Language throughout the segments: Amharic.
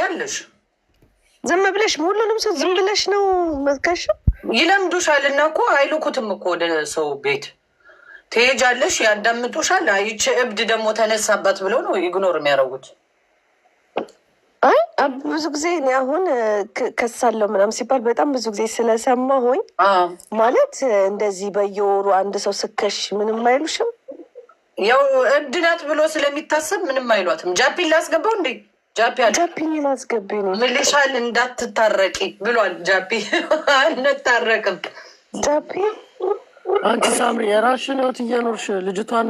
ያለሽ ዝም ብለሽ ሁሉንም ሰው ዝም ብለሽ ነው መዝጋሽ። ይለምዱሻል እና እኮ አይልኩትም እኮ ወደ ሰው ቤት ትሄጃለሽ፣ ያዳምጡሻል። ይቺ እብድ ደግሞ ተነሳባት ብለው ነው ኢግኖር የሚያደርጉት። አይ ብዙ ጊዜ እኔ አሁን ከሳለው ምናም ሲባል በጣም ብዙ ጊዜ ስለሰማሁኝ ማለት እንደዚህ በየወሩ አንድ ሰው ስከሽ ምንም አይሉሽም። ያው እብድ ናት ብሎ ስለሚታሰብ ምንም አይሏትም። ጃፒን ላስገባው እንዴ ጃፒ ጃፒኝን አስገቢ ነው ምልሻል እንዳትታረቂ ብሏል። ጃፒ አንታረቅም። ጃፒ አንቺ ሳምሪ የራስሽን ህይወት እየኖርሽ ልጅቷን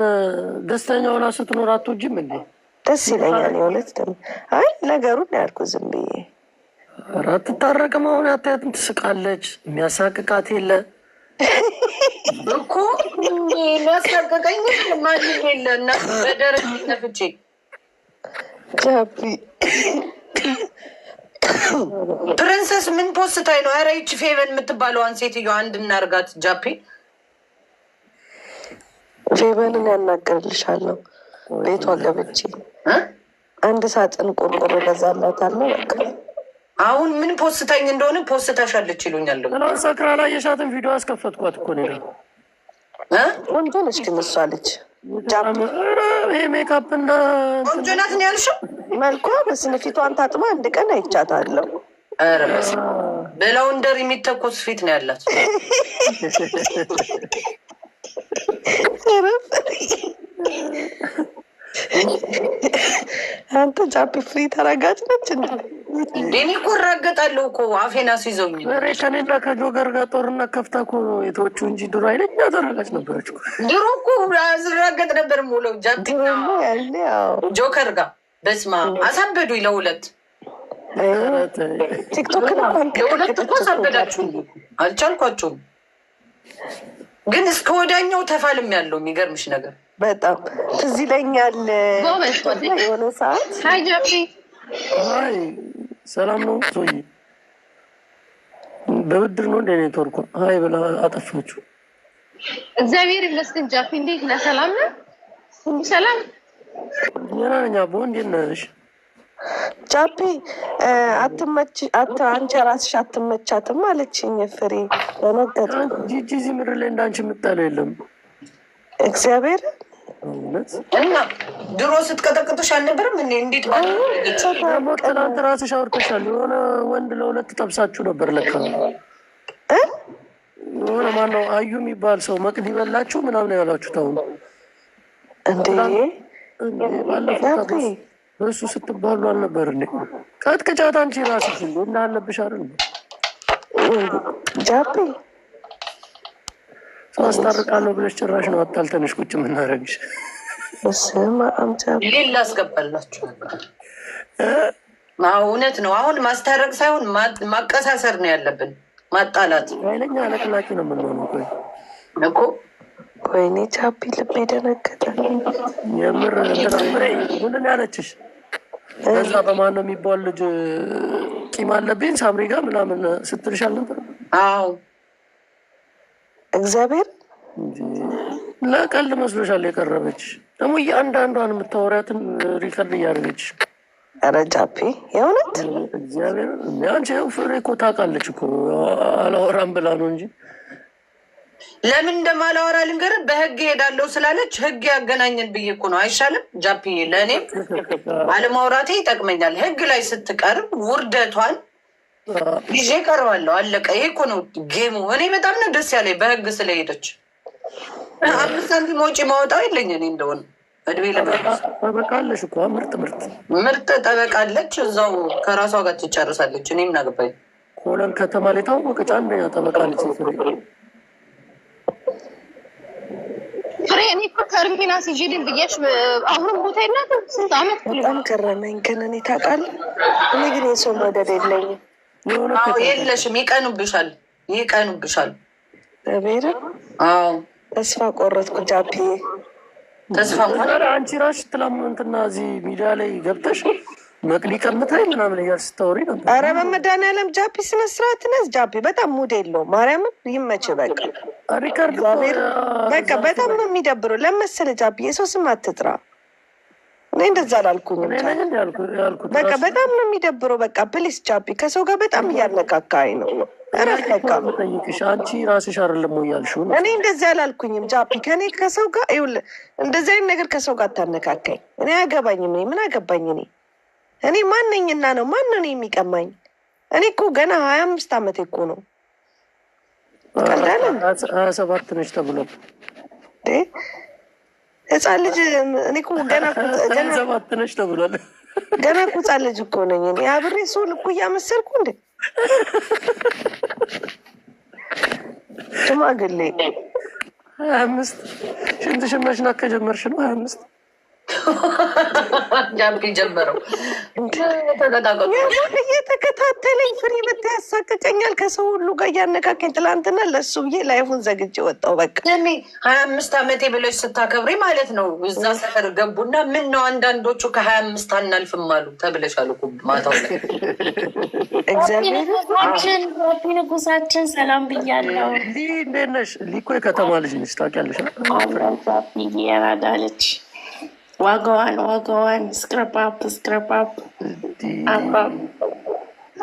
ደስተኛ ሆና ስትኖር አትወጂም እንዴ? ደስ ይለኛል። የሁለት ደ አይ ነገሩን ያልኩ ዝም ብዬ ኧረ አትታረቅም። አሁን አታያትም? ትስቃለች። የሚያሳቅቃት የለ እኮ የሚያሳቅቀኝ ማንም የለ እና በደረ ነፍቼ ጃፒ ፕሪንሰስ ምን ፖስታይ ነው? ኧረ ይቺ ፌቨን የምትባለዋን ሴትዮ አንድ እናርጋት። ጃፔ ፌቨንን ያናገርልሻለሁ። ቤቷ ገብቼ አንድ ሳጥን ቆርቆሮ ገዛላታለሁ። በቃ አሁን ምን ፖስታኝ እንደሆነ ፖስታሻለች ይሉኛል። ደግሞ ሰክራ ላይ የሻትን ቪዲዮ አስከፈትኳት እኮ ቆንጆ ነች ግን ሜካፕ እና ቆንጆ ናት ነው ያልሽው? መልኳ በስነ ፊቷን ታጥባ አንድ ቀን አይቻታለሁ። ኧረ በስመ በላውንደር የሚተኮስ ፊት ነው ያላት። አንተ ጃፒ ፍሪ ተረጋጭ ነች። እኔ እኮ እራገጣለሁ እኮ አፌን አስይዘው። ከኔና ከጆገር ጋር ጦርነት ከፍታ እኮ እንጂ ድሮ አይለኛ ተራጋጭ ነበረች። ድሮ እኮ ነበር ጆከር ጋር በስማ አሳበዱ ለሁለት ቲክቶክ ለሁለት እኮ አሳበዳችሁ። አልቻልኳቸውም ግን እስከ ወዳኛው ተፋልም ያለው የሚገርምሽ ነገር በጣም ትዝ ይለኛል የሆነ ሰዓት ሰላም ነው ሰውዬ? በብድር ነው እንደ ኔትወርኩ ሀይ ብላ አጠፋችሁ። እግዚአብሔር ይመስገን። ጃፊ እንዴት ነህ? ሰላም ነህ? ሁሉ ሰላም የናነኛ ቦ እንዴት ነሽ? ጃፒ አትመች አት አንቺ ራስሽ አትመቻትም አለችኝ። ፍሬ በነገጥ ጂጂ እዚህ ምድር ላይ እንዳንቺ የምጣለው የለም እግዚአብሔር እና ድሮ ስትቀጠቅጡሽ አልነበረም? እንዴት ትናንት ራስሽ አውርተሻል። የሆነ ወንድ ለሁለት ጠብሳችሁ ነበር ለካ የሆነ ማነው አዩ የሚባል ሰው መቅድ በላችሁ ምናምን ያላችሁ ታሁን እንዴ ባለፈው እሱ ስትባሉ አልነበር እንዴ? ቀጥቅጫት አንቺ ራስሽ እንዳለብሽ አይደል ጃፔ ማስታርቃለሁ ብለሽ ጭራሽ ነው አጣልተንሽ ቁጭ የምናደርግሽ። ሌላ አስገባላችሁ። እውነት ነው። አሁን ማስታረቅ ሳይሆን ማቀሳሰር ነው ያለብን፣ ማጣላት። ኃይለኛ አለቅላቂ ነው የምንሆነው። ቆይ እኮ ወይኔ ቻፒ ልብ የደነገጠ የምር ምንን ያለችሽ? በዛ በማን ነው የሚባል ልጅ ቂም አለብኝ ሳምሪ ጋር ምናምን ስትልሻል ነበር። አዎ እግዚአብሔር ለቀልድ መስሎሻል የቀረበች ደግሞ እያንዳንዷን የምታወሪያትን ሪከርድ እያደረገች ረጃፒ የእውነት እግዚአብሔር አንቺ ፍሬ እኮ ታውቃለች እኮ አላወራም ብላ ነው እንጂ ለምን እንደማላወራ ልንገርህ። በህግ ሄዳለው ስላለች ህግ ያገናኘን ብዬ እኮ ነው። አይሻልም ጃፒ? ለእኔም አለማውራቴ ይጠቅመኛል። ህግ ላይ ስትቀርብ ውርደቷን ይዤ እቀርባለሁ። አለቀ። ይሄ እኮ ነው ጌሙ። እኔ በጣም ነው ደስ ያለኝ በህግ ስለሄደች። አምስት ሳንቲም ወጪ ማወጣው የለኝ እኔ እንደሆነ እድሜ ለጠበቃለሽ እኮ ምርጥ ምርጥ ምርጥ ጠበቃለች። እዛው ከራሷ ጋር ትጨርሳለች። እኔ ምን አገባኝ። ኮለን ከተማ ላይ ታወቀች። አንደኛ ጠበቃለች። ፍሬ እኔ እኮ ከርሜና ሲጅልን ብያሽ አሁንም ቦታ የላትም። ስንት አመት በጣም ከረመኝ ግን እኔ ታውቃለህ፣ እኔ ግን የሰው መደድ የለኝም የለሽም። ይቀኑብሻል፣ ይቀኑብሻል። እግዚአብሔርን ተስፋ ቆረጥኩ። ጃፒ ተስፋ አንቺ እራስሽ ትላምንትና እዚህ ሚዲያ ላይ ገብተሽ መቅዲ ቀምታይ ምናምን እያልሽ ስታወሪ ነበር። ኧረ በመድኃኒዓለም ጃፒ ስነ ስርዓት ጃፒ በጣም ሙድ የለውም። ማርያምን ይመችህ። በቃ በቃ በጣም ነው የሚደብረው። ለመሰለ ጃፒ የሰው ስም አትጥራ እኔ እንደዛ አላልኩኝም። በቃ በጣም ነው የሚደብረው። በቃ ፕሊስ ቻፒ ከሰው ጋር በጣም እያነካካኝ ነው ነው ጠይቅሽ አንቺ ራስሽ አይደለም ያልሽው። እኔ እንደዚህ አላልኩኝም ጃፒ። ከኔ ከሰው ጋር ይኸውልህ፣ እንደዚህ አይነት ነገር ከሰው ጋር አታነካካኝ። እኔ አያገባኝም። እኔ ምን አገባኝ? እኔ እኔ ማነኝና ነው ማን ነው የሚቀማኝ? እኔ እኮ ገና ሀያ አምስት አመት እኮ ነው። ቀልዳለም ሀያ ሰባት ነች ተብሎ ህፃን ልጅ እኔ እኮ ተብሏል። ገና እኮ ህፃን ልጅ እኮ ነኝ እኔ አብሬ ሰው ልኩ እያመሰልኩ እንደ ሽማግሌ ሀያ አምስት ሽንትሽን መሽናት ከጀመርሽ ነው ሀያ አምስት ጃምፕ ጀመረው እየተከታተለኝ ፍሬ መታ ያሳቅቀኛል። ከሰው ሁሉ ጋር እያነካከኝ ትላንትና ለሱ ብዬ ላይፉን ዘግጄ ወጣው። በቃ እኔ ሀያ አምስት አመቴ ብለሽ ስታከብሪ ማለት ነው። እዛ ሰፈር ገቡና ምን ነው አንዳንዶቹ ከሀያ አምስት አናልፍም አሉ ተብለሽ አልኩ። ማታው ላይ ንጉሳችን ሰላም ብያለው። እንዴት ነሽ? ሊኮ የከተማ ልጅ ነሽ ታውቂያለሽ። የራዳ ልጅ ዋጋዋን ዋጋዋን ስክረፓፕ ስክረፓፕ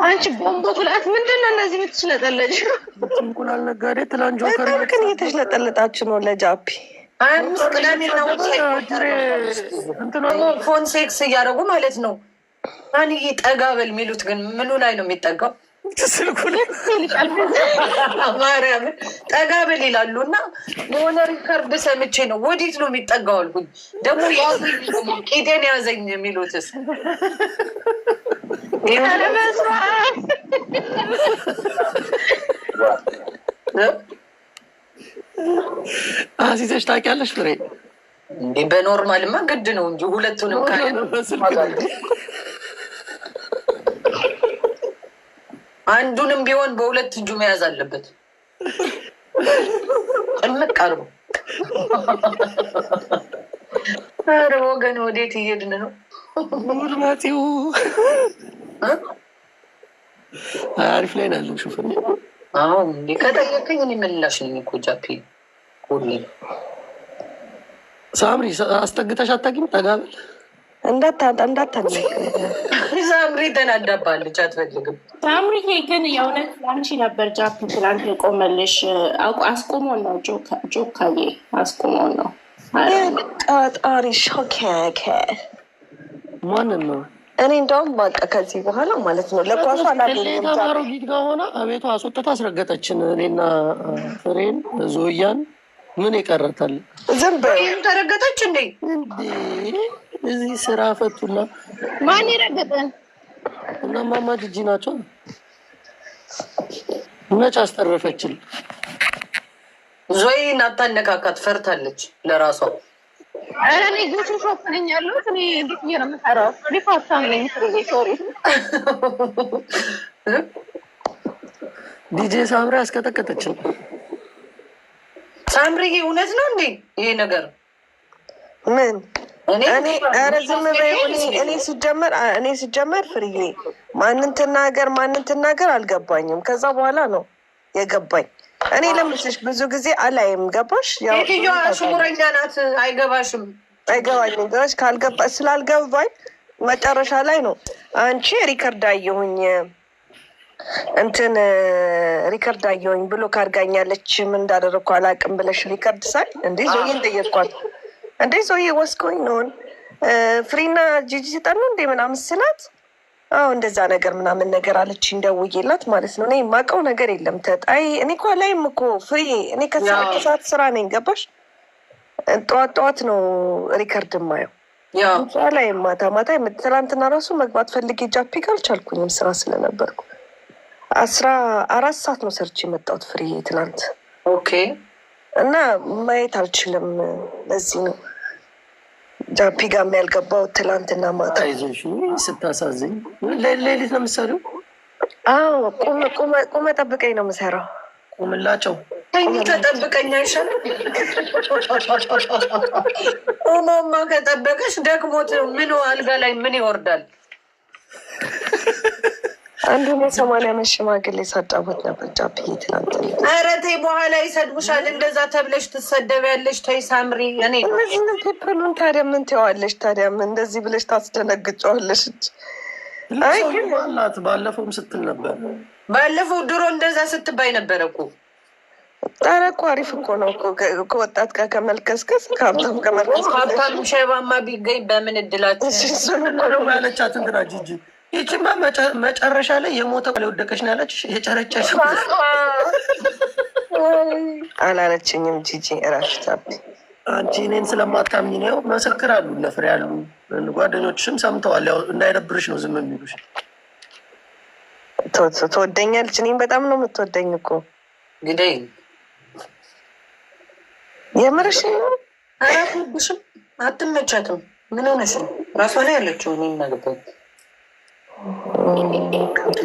አንቺ ቦምቦኩላት ምንድን ነው እነዚህ የምትሽለጠለጭ? እንቁላል ነጋዴ ትላንጆ ከርክን እየተሽለጠለጣችሁ ነው ለጃፒ ፎን ሴክስ እያደረጉ ማለት ነው። አንዬ ጠጋ የሚሉት ግን ምኑ ላይ ነው የሚጠጋው? ማርያምን ጠጋ በል ይላሉ እና የሆነ ሪከርድ ሰምቼ ነው። ወዴት ነው የሚጠጋው አልኩኝ። ደግሞ ያዘኝ ቄደን ያዘኝ የሚሉትስ አሲዘሽ ታውቂያለሽ ፍሬ? እንዲህ በኖርማልማ ግድ ነው እንጂ ሁለቱንም አንዱንም ቢሆን በሁለት እጁ መያዝ አለበት። ቅልምቅ አርቦ ኧረ ወገን ወዴት እየሄድን ነው? ሙልማቴው አሪፍ ላይ ናለን። ሹፍ አዎ፣ እንዴ ከጠየቀኝ እኔ መላሽ ነኝ እኮ ጃፒ። ሁሌ ሳምሪ አስጠግተሽ አታውቂም ጠጋብል ሳምሪ ተናዳባለች፣ አትፈልግም። ሳምሪ ግን የእውነት ላንቺ ነበር ጃፕ ትላንት የቆመልሽ። አስቆሞን ነው ጆካዬ፣ አስቆሞን ነው ጣሪ ሾከከ ማንን ነው? እኔ እንደውም በቃ ከዚህ በኋላ ማለት ነው ለኳሱ አላገኝተባሮ ጊት ጋር ሆና አቤቷ አስወጥታ አስረገጠችን። እኔና ፍሬን ዞያን ምን ይቀረታል? ዝም በ ተረገጠች እንዴ? እዚህ ስራ ፈቱና ማን ይረገጠ እና ማማ ጅጂ ናቸው። መች አስተረፈችል። ዞይ ነካካት ፈርታለች ለራሷ። እኔ ጆቹ ሾፍ ነኝ ነው ሶሪ። ዲጄ ሳምሪ አስቀጠቀጠችን። ሳምሪ እውነት ነው እንዴ ይሄ ነገር ምን እኔ ሲጀመር እኔ ሲጀመር ፍርዬ ማንን ትናገር ማንን ትናገር አልገባኝም። ከዛ በኋላ ነው የገባኝ። እኔ ለምስሽ ብዙ ጊዜ አላይም። ገባሽ? ሴትዮዋ ሽሙረኛ ናት። አይገባሽም። አይገባኝም። ገባሽ? ካልገባ ስላልገባኝ መጨረሻ ላይ ነው አንቺ ሪከርድ አየሁኝ እንትን ሪከርድ አየሁኝ ብሎ ካርጋኛለች። ምን እንዳደረግኩ አላውቅም ብለሽ ሪከርድ ሳይ እንዲህ ዞዬን ጠየቅኳት። እንዴ ሰውዬ ወስኮኝ ነውን ፍሪና ጂጂ ሲጠኑ እንዴ ምናምን ስላት አዎ እንደዛ ነገር ምናምን ነገር አለች እንደውዬላት ማለት ነው። እኔ የማውቀው ነገር የለም ተጣይ እኔ እኮ ላይም እኮ ፍሪ እኔ ከሰዓት ስራ ነኝ ገባሽ። ጠዋት ጠዋት ነው ሪከርድ ማየው ላይ ማታ ማታ ትላንትና ራሱ መግባት ፈልጌ ጃፒግ አልቻልኩኝም ስራ ስለነበርኩ አስራ አራት ሰዓት ነው ሰርች የመጣሁት ፍሪ ትላንት ኦኬ እና ማየት አልችልም። ለዚህ ነው ጃፒ ጋም ያልገባው ትላንትና ማታ። ስታሳዝኝ። ሌሊት ነው የምትሰሪው? አዎ ቁመ ጠብቀኝ ነው የምሰራው። ቁምላቸው ተጠብቀኝ አይሻልም? ቁሞማ ከጠበቀሽ ደክሞት ምን አልጋ ላይ ምን ይወርዳል? አንዱ ነው የሰማንያ ዓመት ሽማግሌ የሳዳቡት ነበር ጃፕዬ ትናንትና። ኧረ ተይ በኋላ ይሰድቡሻል። እንደዛ ተብለሽ ትሰደቢያለሽ። ተይ ሳምሪ፣ እኔ እነዚህን ፔፐሉን ታዲያ ምን ትይዋለሽ? ታዲያ ምን እንደዚህ ብለሽ ታስደነግጫዋለሽ? ናት ባለፈውም ስትል ነበር። ባለፈው ድሮ እንደዛ ስትባይ ነበረ እኮ። ኧረ እኮ አሪፍ እኮ ነው ከወጣት ጋር ከመልከስከስ ከሀብታም ከመልከስከስ ሀብታም ሸባማ ቢገኝ በምን እድላቸው ያለቻት እንትና ጅጅ ይችማ መጨረሻ ላይ የሞተ የወደቀች ነው ያለች የጨረጨች አላለችኝም። ጂጂ እረፍት አንቺ እኔን ስለማታምኝ ነው። መሰክር አሉ ነፍሬ ያሉ ጓደኞችም ሰምተዋል። ያው እንዳይደብርሽ ነው ዝም የሚሉሽ። ትወደኛለች። እኔም በጣም ነው የምትወደኝ እኮ ግደይ የምርሽ ነው። አራት ንጉሽም አትመቻትም። ምን ሆነሽ ነው? ራሷ ላይ ያለችው እኔ እናግበት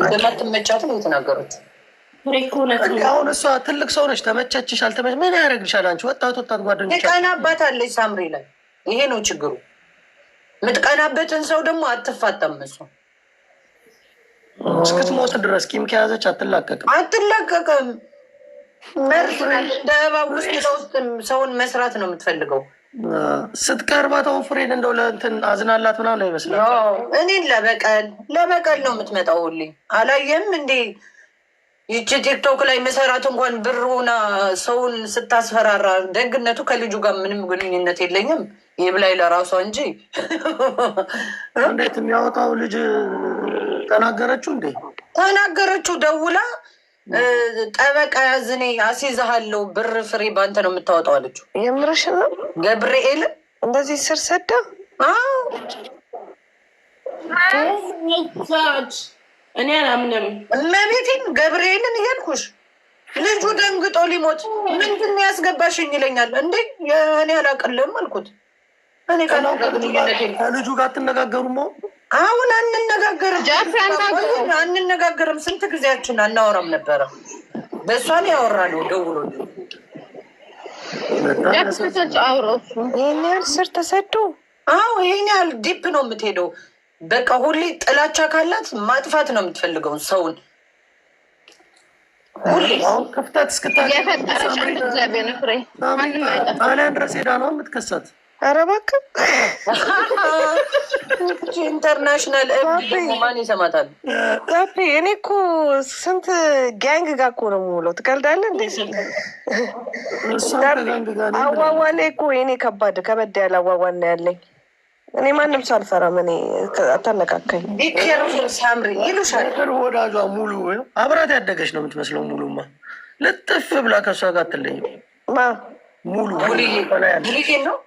እንደማትመቻትም የተናገሩት አሁን እሷ ትልቅ ሰው ነች። ተመቻችሽ አልተመች ምን ያደርግልሻል? አንቺ ወጣት ወጣት ጓደኞች የቀናባት አለች ሳምሪ ላይ ይሄ ነው ችግሩ። የምትቀናበትን ሰው ደግሞ አትፋታም። እሷ እስክትሞት ድረስ ቂም ከያዘች አትላቀቅም፣ አትላቀቅም። መርዝ እንደ እባብ ውስጥ ሰውን መስራት ነው የምትፈልገው። ስትቀርባተው ፍሬን እንደው ለእንትን አዝናላት ምናምን ይመስላል። እኔን ለበቀል ለበቀል ነው የምትመጣውልኝ። አላየም እንዴ ይቺ ቲክቶክ ላይ መሰራት እንኳን ብር ሆና ሰውን ስታስፈራራ፣ ደግነቱ ከልጁ ጋር ምንም ግንኙነት የለኝም ይብላኝ ለራሷ እንጂ እንዴት የሚያወጣው ልጅ ተናገረችው እንዴ ተናገረችው ደውላ ጠበቃ ያዝኔ አስይዝሃለሁ፣ ብር ፍሬ በአንተ ነው የምታወጣው አለችው። የምርሽን ነው ገብርኤል እንደዚህ ስር ሰዳ እኔ አላምንም። እመቤቴን ገብርኤልን እያልኩሽ ልጁ ደንግጦ ሊሞት ምንድን ነው ያስገባሽኝ ይለኛል። እንዴ እኔ አላቀልም አልኩት። እኔ ከልጁ ጋር አትነጋገሩም? አሁን አንነጋገርም አንነጋገርም። ስንት ጊዜያችን አናወራም ነበረ። በእሷን ያወራ ነው ደውሎ ይህኛል ስር ተሰዱ። አዎ ይህን ያህል ዲፕ ነው የምትሄደው። በቃ ሁሌ ጥላቻ ካላት ማጥፋት ነው የምትፈልገው ሰውን ክፍተት እስክታየፈጠረች ዛቤ ነው ማንም ድረስ ሄዳ ነው የምትከሳት ኧረ እባክህ ኢንተርናሽናል ማን ይሰማታል? ዛፔ እኔ እኮ ስንት ጋንግ ጋር እኮ ነው የምውለው። ትቀልዳለህ እንዴ? አዋዋኔ እኮ የኔ ከባድ ከበድ ያለ አዋዋና ያለኝ እኔ ማንም ሰው አልፈራም። እኔ አታነቃከኝ። ሳምሪ ይሉሻል። ወዳጇ ሙሉ አብራት ያደገች ነው የምትመስለው። ሙሉማ ልጥፍ ብላ ከሷ ጋር አትለኝም። ሙሉ ሙሉ ነው